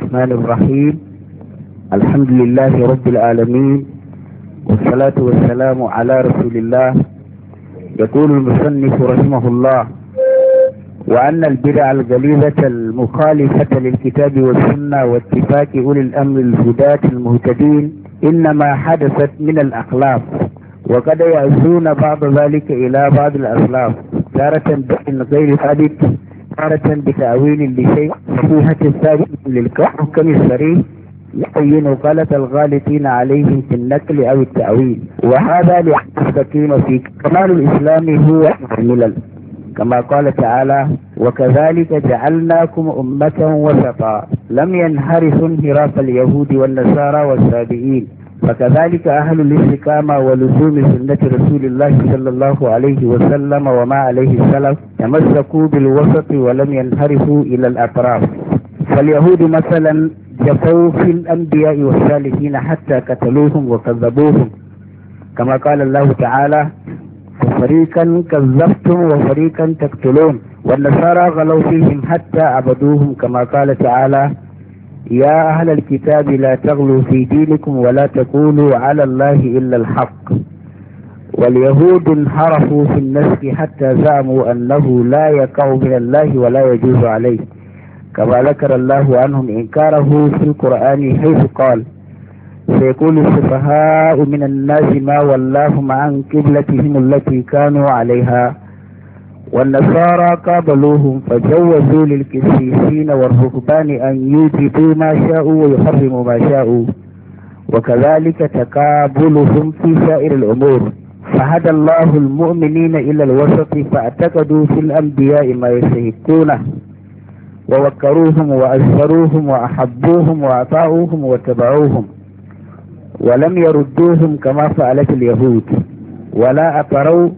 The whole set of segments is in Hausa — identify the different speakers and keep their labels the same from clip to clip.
Speaker 1: الرحمن الرحيم الحمد لله رب العالمين والصلاة والسلام على رسول الله يقول المصنف رحمه الله وأن البدع الغليظة المخالفة للكتاب والسنة واتفاق أولي الأمر الهداة المهتدين إنما حدثت من الأخلاق وقد يعزون بعض ذلك إلى بعض الأسلاف تارة بين غير ثابت تارة بتأويل لشيء فيها للكحف كم الشريف يحين وكالة الغالطين عليهم في النقل أو التأويل وهذا ليستقيم في كمال الإسلام هو ملل كما قال تعالى وكذلك جعلناكم أمة وسطا لم ينهرث انهراف اليهود والنصارى والسابئين فكذلك أهل الاستقامة ولزوم سنة رسول الله صلى الله عليه وسلم وما عليه السلف تمسكوا بالوسط ولم ينحرفوا إلى الأطراف فاليهود مثلا جفوا في الأنبياء والصالحين حتى قتلوهم وكذبوهم كما قال الله تعالى فريقا كذبتم وفريقا تقتلون والنصارى غلوا فيهم حتى عبدوهم كما قال تعالى يا أهل الكتاب لا تغلوا في دينكم ولا تقولوا على الله إلا الحق واليهود انحرفوا في النسك حتى زعموا أنه لا يقع من الله ولا يجوز عليه كما ذكر الله عنهم إنكاره في القرآن حيث قال سيقول السفهاء من الناس ما ولاهم عن قبلتهم التي كانوا عليها والنصارى قابلوهم فجوزوا للكسيسين والرهبان أن يوجدوا ما شاءوا ويحرموا ما شاءوا وكذلك تقابلهم في سائر الأمور فهدى الله المؤمنين إلى الوسط فاعتقدوا في الأنبياء ما يستهكونه ووكروهم وأزهروهم وأحبوهم وأطاعوهم واتبعوهم ولم يردوهم كما فعلت اليهود ولا أطروا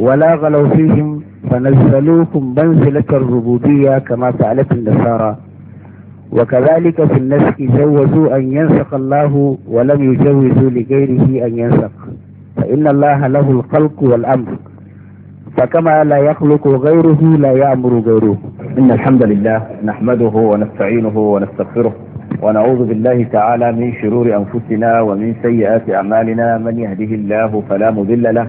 Speaker 1: ولا غلوا فيهم فنزلوكم منزلة الربوبية كما فعلت النصارى وكذلك في النسخ جوزوا أن ينسق الله ولم يجوزوا لغيره أن ينسق فإن الله له الخلق والأمر فكما لا يخلق غيره لا يأمر غيره إن الحمد لله نحمده ونستعينه ونستغفره ونعوذ بالله تعالى من شرور أنفسنا ومن سيئات أعمالنا من يهده الله فلا مذل له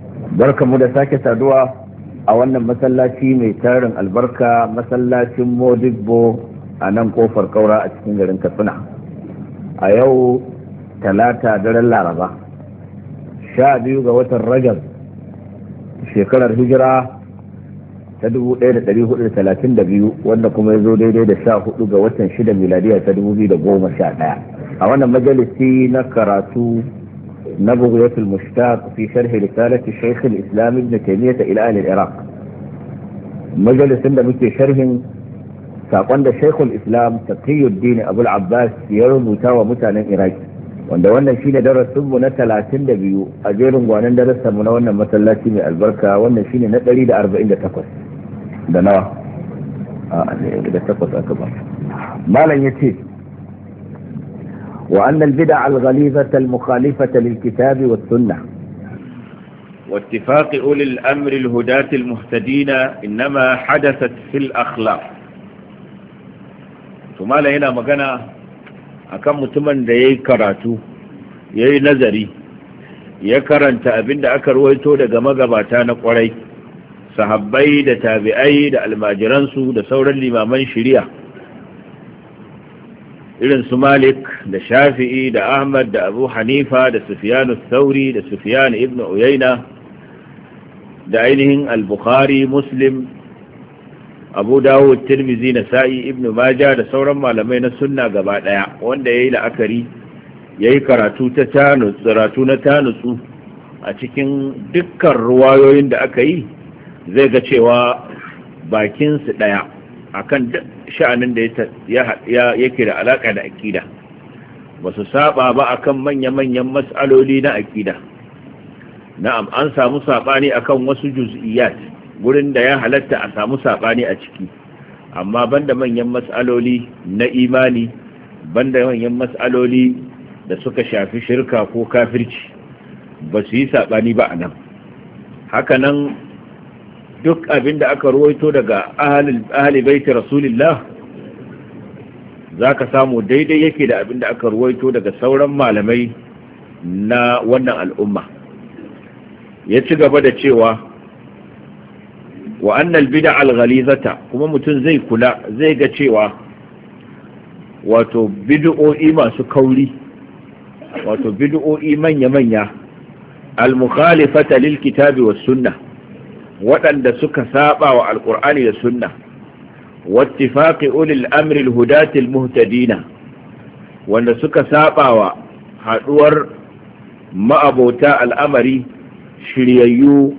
Speaker 1: barkamu da sake saduwa a wannan masallaci mai tarin albarka masallacin modibbo a nan kofar kaura a cikin garin katsina a yau talata daren laraba sha biyu ga watan rajab shekarar hijira ta 1432 wanda kuma ya zo daidai da sha hudu ga watan shida miladiya ta 2011 a wannan majalisi na karatu نبغية المشتاق في شرح رسالة الشيخ الإسلام ابن تيمية إلى أهل العراق مجلس da muke sharhin saƙon da Sheikhul Islam Taqiyuddin Abul Abbas ya rubuta wa mutanen Iraki wanda wannan shine darasin mu na 32 a jerin gwanan darasin mu na wannan masallaci mai albarka wannan shine na 148 da nawa a da takwas aka ba malam yace وأن البدع الغليظة المخالفة للكتاب والسنة واتفاق أولي الأمر الهداة المهتدين إنما حدثت في الأخلاق ثم لا هنا مغانا أكم متمن دي كراتو يي نظري يكرن تأبين دا أكر ويتو دا مغباتان قري صحبي دا تابعي دا الماجرانسو دا سورا لما من شريع irin su malik da shafi'i da ahmad da abu hanifa da sufiyanu sauri da sufiyanu ibn uyaina da ainihin al-bukhari muslim abu Dawud tirmizi na sa'i ibn maja da sauran malamai na sunna gaba daya wanda ya yi la'akari ya yi karatu na tanutsu a cikin dukkan ruwayoyin da aka yi zai ga cewa bakinsu daya akan sha'anin da yake da alaka da aƙida ba su saba ba akan manya-manyan matsaloli na aƙida na'am an samu saɓani akan wasu juz'iyat gurin da ya halatta a samu saɓani a ciki amma banda manyan matsaloli na imani banda manyan matsaloli da suka shafi shirka ko kafirci ba su yi saɓani ba a nan hakanan duk abin da aka ruwaito daga ahli baiti rasulillah za ka samu daidai yake da abin da aka ruwaito daga sauran malamai na wannan al'umma ya ci gaba da cewa wa annal bida al-ghalizata kuma mutum zai kula zai ga cewa wato bid'o'i masu kauri wato bid'o'i manya-manya al-mukhalifata lil kitabi was sunnah waɗanda suka saba wa Alƙur'ani da sunna wattifaqi ulil amri hudatil muhtadina wanda suka saba wa haduwar ma'abota al'amari shiryayyu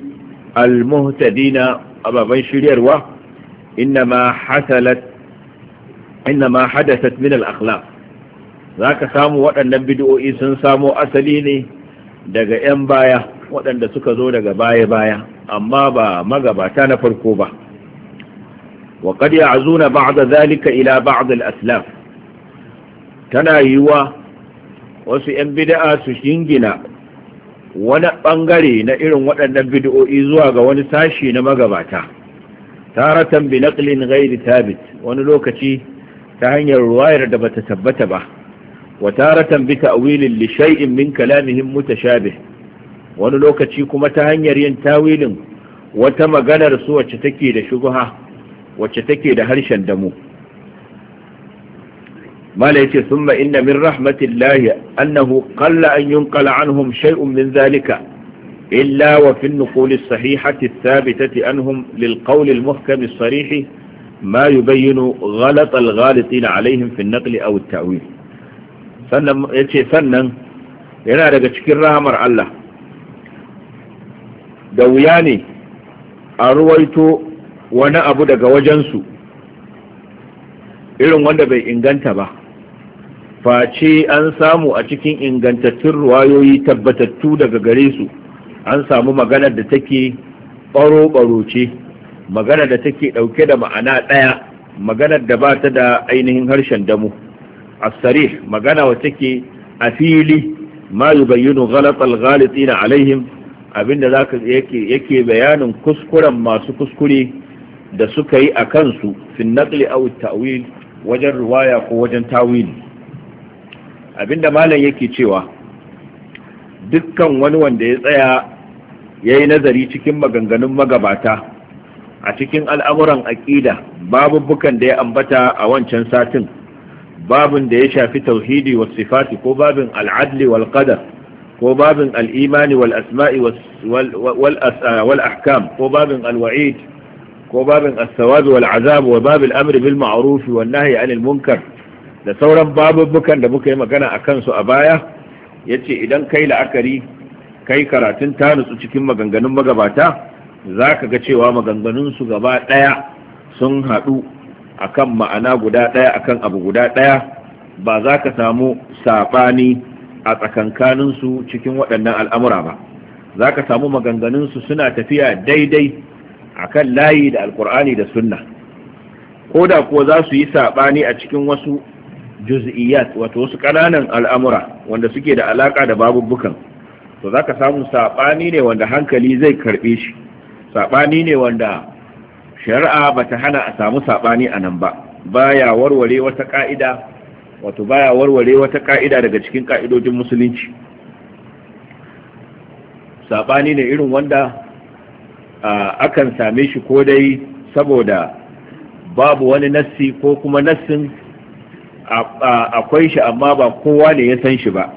Speaker 1: almuhtadina ababan shiryarwa innama hasalat innama hadathat min al-akhlaq zaka samu waɗannan bid'o'i sun samo asali ne daga 'yan baya waɗanda suka zo daga baya-baya amma ba magabata na farko ba wa qad ya'zuna ba'da zalika ila ba'd al-aslaf tana yiwuwa wasu 'yan bida'a su shingina wani ɓangare na irin waɗannan bid'o'i zuwa ga wani sashi na magabata taratan bi naqlin ghairi thabit wani lokaci ta hanyar ruwayar da bata tabbata ba wa taratan bi ta'wilin li shay'in min kalamihim mutashabih wani lokaci kuma ta hanyar yin tawilin wata maganar su wacce take da shubuha wacce take da harshen damu mala yace summa inna min rahmatillahi annahu qalla an yunqala anhum shay'un min zalika illa wa fi an-nuqul as-sahihati ath-thabitati anhum lil-qawl al-muhkam as-sarih ma yubayyinu ghalat al-ghalitin alayhim fi an-naql aw at-ta'wil sannan yace sannan yana daga cikin rahamar Allah da wuya ne a ruwaito wani abu daga wajensu irin wanda bai inganta ba face an samu a cikin ingantattun ruwayoyi tabbatattu daga gare su an samu magana da take ɓaro-ɓaro ce maganar da take ɗauke da ma'ana ɗaya maganar da ba ta da ainihin harshen damu asarih magana wa take a fili ma yubayyinu galitsi na alaihim abinda zaka yake yake bayanin kuskuren masu kuskure da suka yi a kansu fin naqli aw ta'wil wajen riwaya ko wajen tawili abinda malam yake cewa dukkan wani wanda ya tsaya ya yi nazari cikin maganganun magabata a cikin al'amuran aƙida babubukan da ya ambata a wancan satin babin da ya shafi tauhidi wa sifati ko babin al'adli wal qadar ko babin al'imani wal'asma'i asma'i wal ah, ko babin alwa'id ko babin as wal'azabu wa babin amri bil ma'arufi wal nahyi anil munkar da sauran babubukan da muka yi magana a kansu a baya yace idan kai la'akari kai karatun ta nutsu cikin maganganun magabata za ka ga cewa maganganunsu gaba ɗaya sun haɗu akan ma'ana guda ɗaya akan abu guda ɗaya ba za ka samu saɓani a su cikin waɗannan al'amura ba za ka samu maganganunsu suna tafiya daidai a kan layi da alkur'ani da sunna ko da kuwa za su yi saɓani a cikin wasu juz'iyat wato wasu ƙananan al'amura wanda suke da alaƙa da babubbukan to za ka samu saɓani ne wanda hankali zai karɓe shi saɓani ne wanda shari'a ba ta hana a samu saɓani a nan ba baya warware wata ƙa'ida wato baya warware wata ka'ida daga cikin ka'idojin musulunci Saɓani ne irin wanda akan same shi ko dai saboda babu wani nassi ko kuma nassin akwai shi amma ba kowa ne ya san shi ba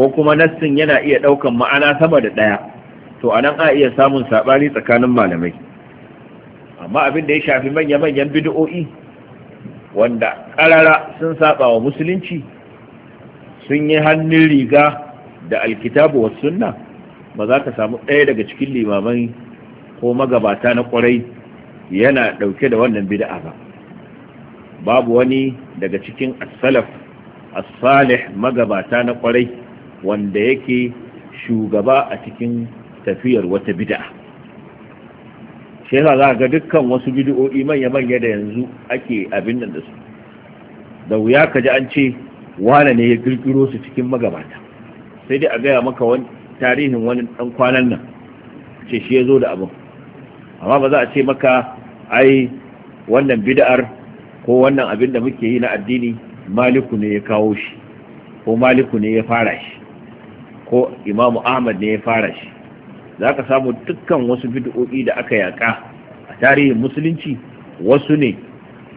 Speaker 1: ko kuma nassin yana iya ɗaukan ma'ana sama da ɗaya to anan a iya samun sabani tsakanin malamai amma abin da ya shafi manya-manyan bid'o'i wanda ƙarara sun saba wa musulunci sun yi hannun riga da alkitabu wa sunna ba za ka samu ɗaya daga cikin limamai ko magabata na ƙwarai yana ɗauke da wannan bida'a ba babu wani daga cikin asalaf salaf magabata na ƙwarai wanda yake shugaba a cikin tafiyar wata bida'a. shi yasa za ga dukkan wasu bid'o'i manya manya da yanzu ake abin nan da su da wuya ka ji an ce wane ne ya kirkiro su cikin magabata sai dai a gaya maka wani tarihin wani dan kwanan nan ce shi ya zo da abin amma ba za a ce maka ai wannan bid'ar ko wannan abin da muke yi na addini maliku ne ya kawo shi ko maliku ne ya fara shi ko imamu ahmad ne ya fara shi za ka samu dukkan wasu bid'o'i da aka yaka a tarihin musulunci wasu ne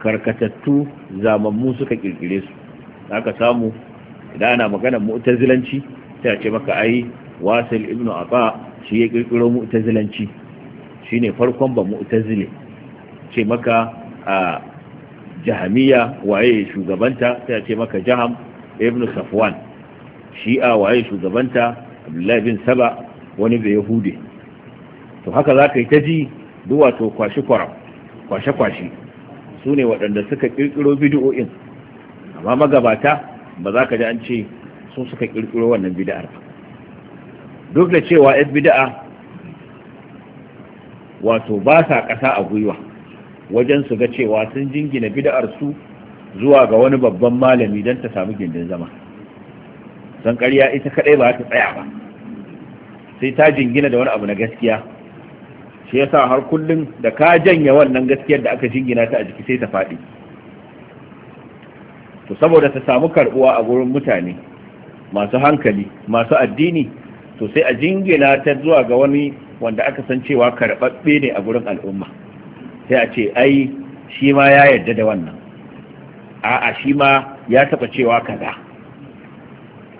Speaker 1: karkatattu zamammu suka kirkire su za ka samu idan ana maganar mu'tazilanci ta ce maka ai wasil ibnu aba shi ya kirkiro mu'tazilanci shine farkon ba mu'tazile ce maka a jahamiya waye shugabanta ta ce maka jaham ibnu safwan shi'a waye shugabanta abdullahi bin saba wani bai Hude, to haka za ka yi ta ji duwato kwashe-kwashe su ne waɗanda suka ƙirƙiro bidiyo'in amma magabata ba za ka ji an ce sun suka ƙirƙiro wannan bida'ar duk da cewa yan bida'a wato ba sa ƙasa a gwiwa wajen su ga cewa sun jingina bida'ar su zuwa ga wani babban malami don ta samu gindin zama san ƙarya ita kaɗai ba ta tsaya ba sai ta jingina da wani abu na gaskiya shi yasa har kullum da ka janya wannan gaskiyar da aka jingina ta a jiki sai ta faɗi to saboda ta samu karɓuwa a gurin mutane masu hankali masu addini to sai a jingina ta zuwa ga wani wanda aka san cewa karɓaɓɓe ne a gurin al'umma sai a ce ai shi ma ya yarda da wannan a'a shi ma ya taɓa cewa kaza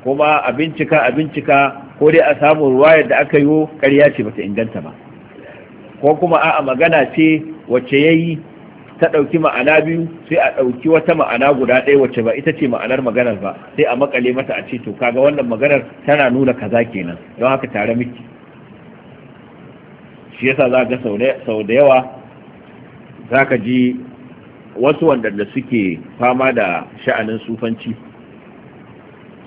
Speaker 1: kuma a bincika a bincika ko dai a samu ruwayar da aka yi ƙarya ce bata inganta ba ko kuma a'a magana ce wacce ya yi ta ɗauki ma'ana biyu sai a ɗauki wata ma'ana guda ɗaya wacce ba ita ce ma'anar maganar ba sai a makale mata a ce to kaga wannan maganar tana nuna kaza kenan don haka tare miki shi yasa za ga sau da yawa za ka ji wasu wanda suke fama da sha'anin sufanci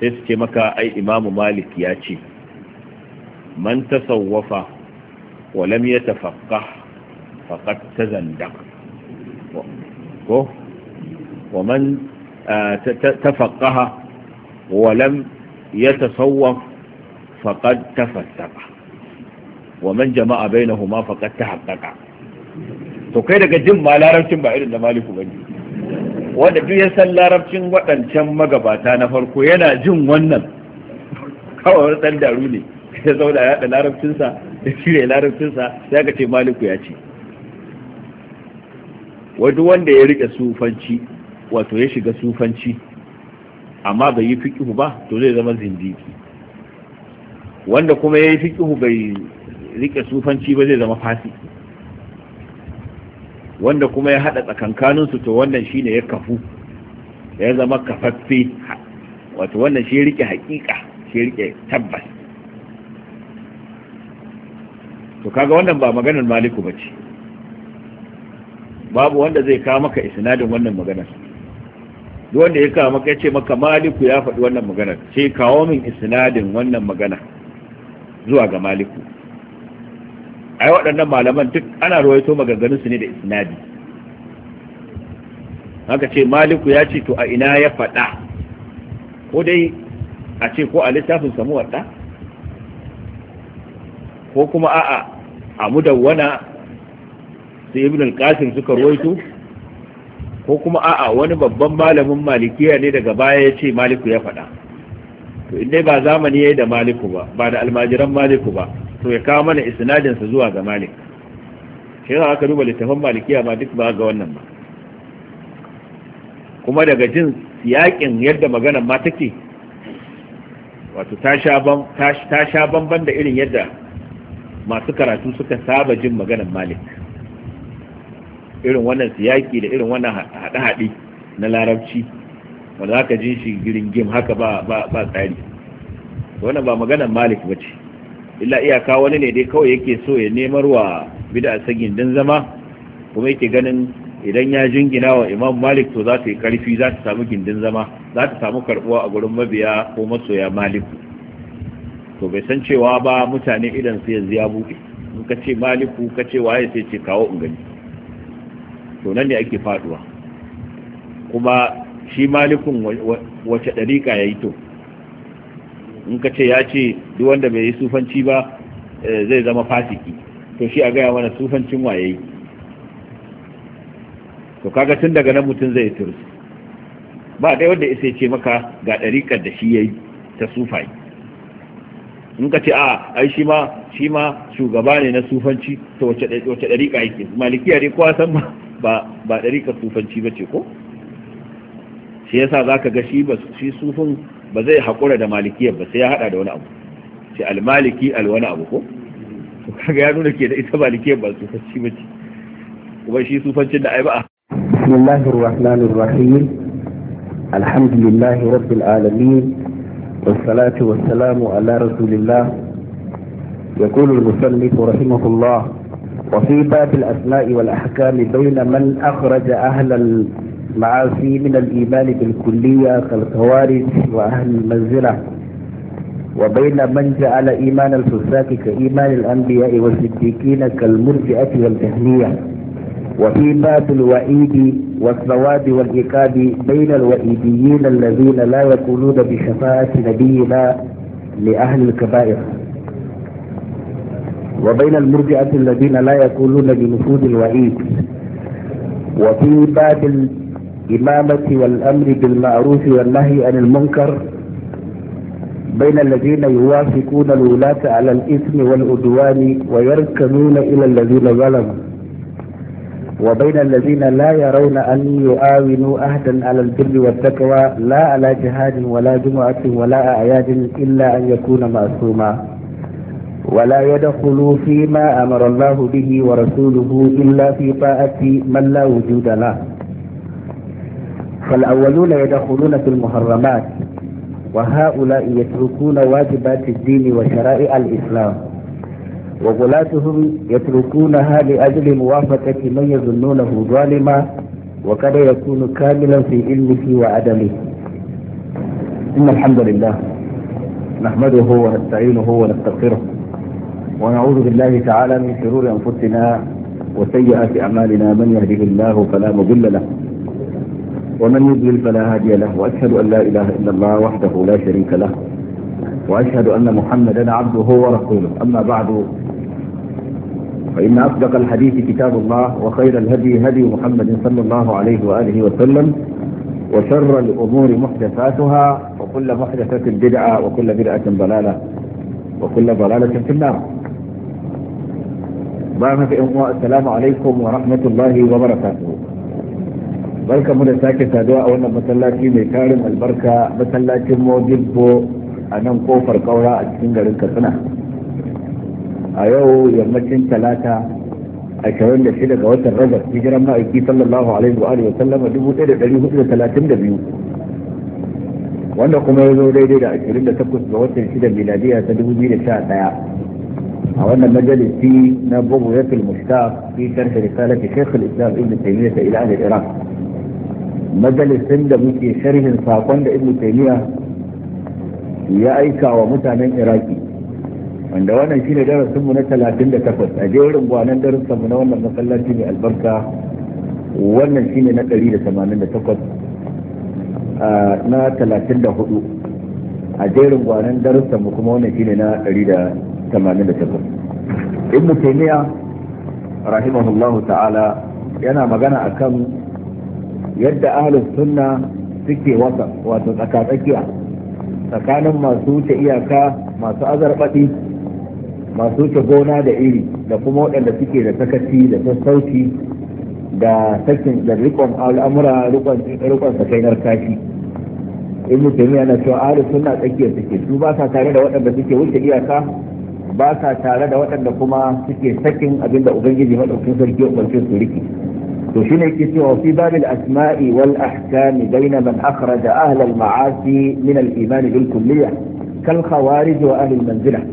Speaker 1: sai su ce maka ai imamu malik ya ce man tasawwafa wa lam yatafaqqah faqad tazandaq ko wa man tafaqqaha wa lam yatasawwaf faqad tafattaqa wa man jama'a bainahuma faqad tahaqqaqa to kai daga jin ma larabcin ba irin da maliku bane wanda duk ya san larabcin waɗancan magabata na farko yana jin wannan kawai wani ɗan daru ne ya zauna ya da larabcinsa da cire larabcinsa ya ga ce maliku ya ce wadu wanda ya rike sufanci wato ya shiga sufanci amma bai yi fikihu ba to zai zama zindiki wanda kuma ya yi fikihu bai rike sufanci ba zai zama fasi wanda kuma ya haɗa tsakankaninsu to wannan shine ya kafu ya zama kafaffe wato wannan shi rike hakika shi rike tabbas to kaga wannan ba maganar maliku ba ce babu wanda zai kawo maka isnadin wannan maganar duk wanda ya kawo maka ya ce maka maliku ya faɗi wannan maganar ce kawo min isnadin wannan magana zuwa ga maliku ai waɗannan malaman duk ana rawaito maganganun su ne da isnadi haka ce maliku ya ce to a ina ya faɗa ko dai a ce ko a littafin samuwar ɗa? ko kuma a'a a mudawwana su ibn al-qasim suka ruwaito ko kuma a'a wani babban malamin malikiya ne daga baya ya ce maliku ya faɗa to inda ba zamani yayi da maliku ba ba da almajiran maliku ba to ya kawo mana isnadin sa zuwa ga malik shi za ka duba littafin malikiya ma duk ba ga wannan ba kuma daga jin yakin yadda maganar ma take wato ta sha bamban da irin yadda masu karatu suka saba jin maganar malik irin wannan siyaki da irin wannan haɗe-haɗe na larabci wanda haka jin shi giringim haka ba tsari wannan ba maganar malik ba ce illa iyaka wani ne dai kawai yake so ya nemar wa bida sagin din zama kuma yake ganin idan ya jingina wa imam malik to za ta yi karfi za ta samu gindin zama za ta samu karbuwa a gurin mabiya ko masoya maliku to bai san cewa ba mutane idan su yanzu ya buɗe in ka ce maliku ka ce waye sai ce kawo in gani to nan ne ake faduwa kuma shi malikun wace ɗariƙa ya yi to in ka ce ya ce duk wanda bai yi sufanci ba eh, zai zama fasiki to shi a gaya mana sufancin waye yi to kaga tun daga nan mutum zai turu ba dai wanda isa ce maka ga ɗariƙar da shi ya yi ta sufai in ka ce a ai shi ma shi ma shugaba ne na sufanci to wace wace dariƙa yake malikiya dai kowa san ba ba dariƙa sufanci bace ko shi yasa zaka ga shi ba shi sufin ba zai hakura da malikiyar ba sai ya hada da wani abu shi maliki al wani abu ko to kaga ya nuna ke da ita malikiyar ba sufanci bace kuma shi sufancin da ai ba bismillahir rahmanir rahim alhamdulillahi rabbil alamin والصلاة والسلام على رسول الله يقول المسلف رحمه الله وفي باب الأسماء والأحكام بين من أخرج أهل المعاصي من الإيمان بالكلية كالخوارج وأهل المنزلة وبين من جعل إيمان الفساق كإيمان الأنبياء والصديقين كالمرجئة والجهمية وفي باب الوعيد والثواب والعقاب بين الوئيديين الذين لا يكونون بشفاعة نبينا لأهل الكبائر وبين المرجئة الذين لا يقولون بنفوذ الوعيد وفي باب الإمامة والأمر بالمعروف والنهي عن المنكر بين الذين يوافقون الولاة على الإثم والعدوان ويركنون إلى الذين ظلموا وبين الذين لا يرون أن يؤاونوا أهدا على البر والتقوى لا على جهاد ولا جمعة ولا أعياد إلا أن يكون معصوما ولا يدخلوا فيما أمر الله به ورسوله إلا في طاعة من لا وجود له فالأولون يدخلون في المحرمات وهؤلاء يتركون واجبات الدين وشرائع الإسلام وغلاتهم يتركونها لأجل موافقة من يظنونه ظالما وقد يكون كاملا في علمه وعدمه إن الحمد لله نحمده ونستعينه ونستغفره ونعوذ بالله تعالى من شرور أنفسنا وسيئات أعمالنا من يهده الله فلا مضل له ومن يضلل فلا هادي له وأشهد أن لا إله إلا الله وحده لا شريك له وأشهد أن محمدا عبده ورسوله أما بعد فإن أصدق الحديث كتاب الله وخير الهدي هدي محمد صلى الله عليه وآله وسلم وشر الأمور محدثاتها وكل محدثة بدعة وكل بدعة ضلالة وكل ضلالة في النار بارك في السلام عليكم ورحمة الله وبركاته بركة من da sake وانا مسلاتي ميكارم البركة مسلاتي موجب albarka masallacin قولا a الكثنة a yau yammacin talata a da 26 ga watan rajab hijiran ma'aiki sallallahu alaihi wa alihi wasallama biyu wanda kuma ya zo daidai da ashirin da takwas ga watan shida miladiya ta dubu biyu da sha ɗaya a wannan majalisi na bugu ya fil mushtaq fi sharh risalati shaykh al-islam ibn taymiyyah ila ahli iraq majalisin da muke sharhin sakon da ibn taymiyyah ya aika wa mutanen iraki wanda wannan shine darasin mu na 38 a jerin gwanan darasin mu na wannan masallaci mai albarka wannan shine na 188 na hudu a jerin gwanan darasin mu kuma wannan shine na 188 mu taymiya rahimahullahu ta'ala yana magana akan yadda ahlus sunna suke wasa wato tsaka tsakiya tsakanin masu wuce iyaka masu azarbaɗi masu wuce gona da iri da kuma waɗanda suke da sakaci da sassauci da sakin da rikon al'amura rikon sakainar kashi ibnu taymiya na cewa ahlus sunna tsakiyar suke su ba sa tare da waɗanda suke wuce iyaka ba sa tare da waɗanda kuma suke sakin abinda ubangiji madaukakin sarki umarce su riki to shine yake cewa fi babil asma'i wal ahkam bayna man akhraja ahlal ma'asi min al iman bil kulliyya kal khawarij wa ahli manzilah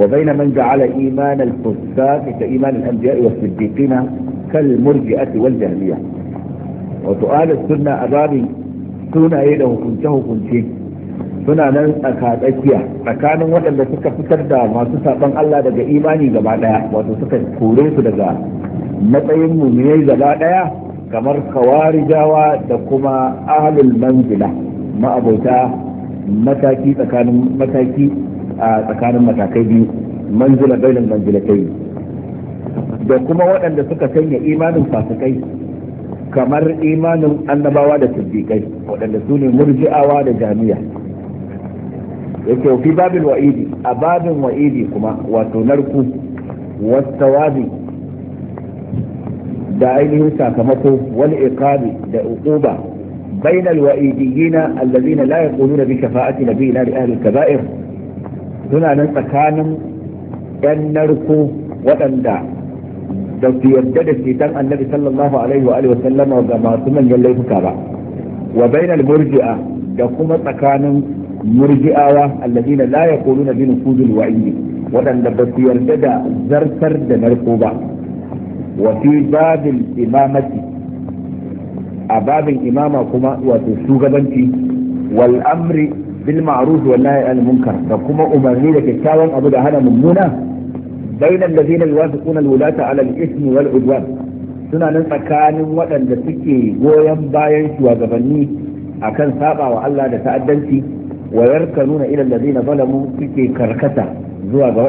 Speaker 1: وبين من جعل إيمان الفساق كإيمان الأنبياء والصديقين كالمرجئة والجهمية وتؤال السنة أبابي سنة إيده كنته كنته suna nan a tsakiya tsakanin waɗanda suka fitar da masu saɓon Allah daga imani gaba ɗaya wato suka kore su daga matsayin mumiyai gaba ɗaya kamar kawarigawa da kuma ahlul manzila ma'abota mataki tsakanin mataki a tsakanin matakai biyu manzula bainal manzilatai da kuma waɗanda suka sanya imanin fasikai kamar imanin annabawa da siddiƙai waɗanda su ne murji'awa da jami'a yake fi babin wa'idi a babin wa'idi kuma wato narku wasawabi da ainihin sakamako wani iqabi da uquba bainal wa'idiyina allazina la yaquluna bi shafa'ati nabiyina li ahli al-kaba'ir suna nan tsakanin yan narko waɗanda da su yarda da ceton annabi sallallahu alaihi wa sallama ga masu manyan laifuka ba wa bainal murji'a da kuma tsakanin murji'awa alladina la yaquluna bi waɗanda ba su yarda da zartar da narko ba wa fi babil imamati a babin imama kuma wato shugabanci wal amri bil ma'ruf wa nahy anil munkar da kuma umarni da kyakkyawan abu da hana mummuna bainal ladina yuwafiquna al-wulata ala al wal udwan suna nan tsakanin waɗanda suke goyon bayan shugabanni akan saba wa Allah da ta'addanci wa nuna ila alladhina zalamu suke karkata zuwa ga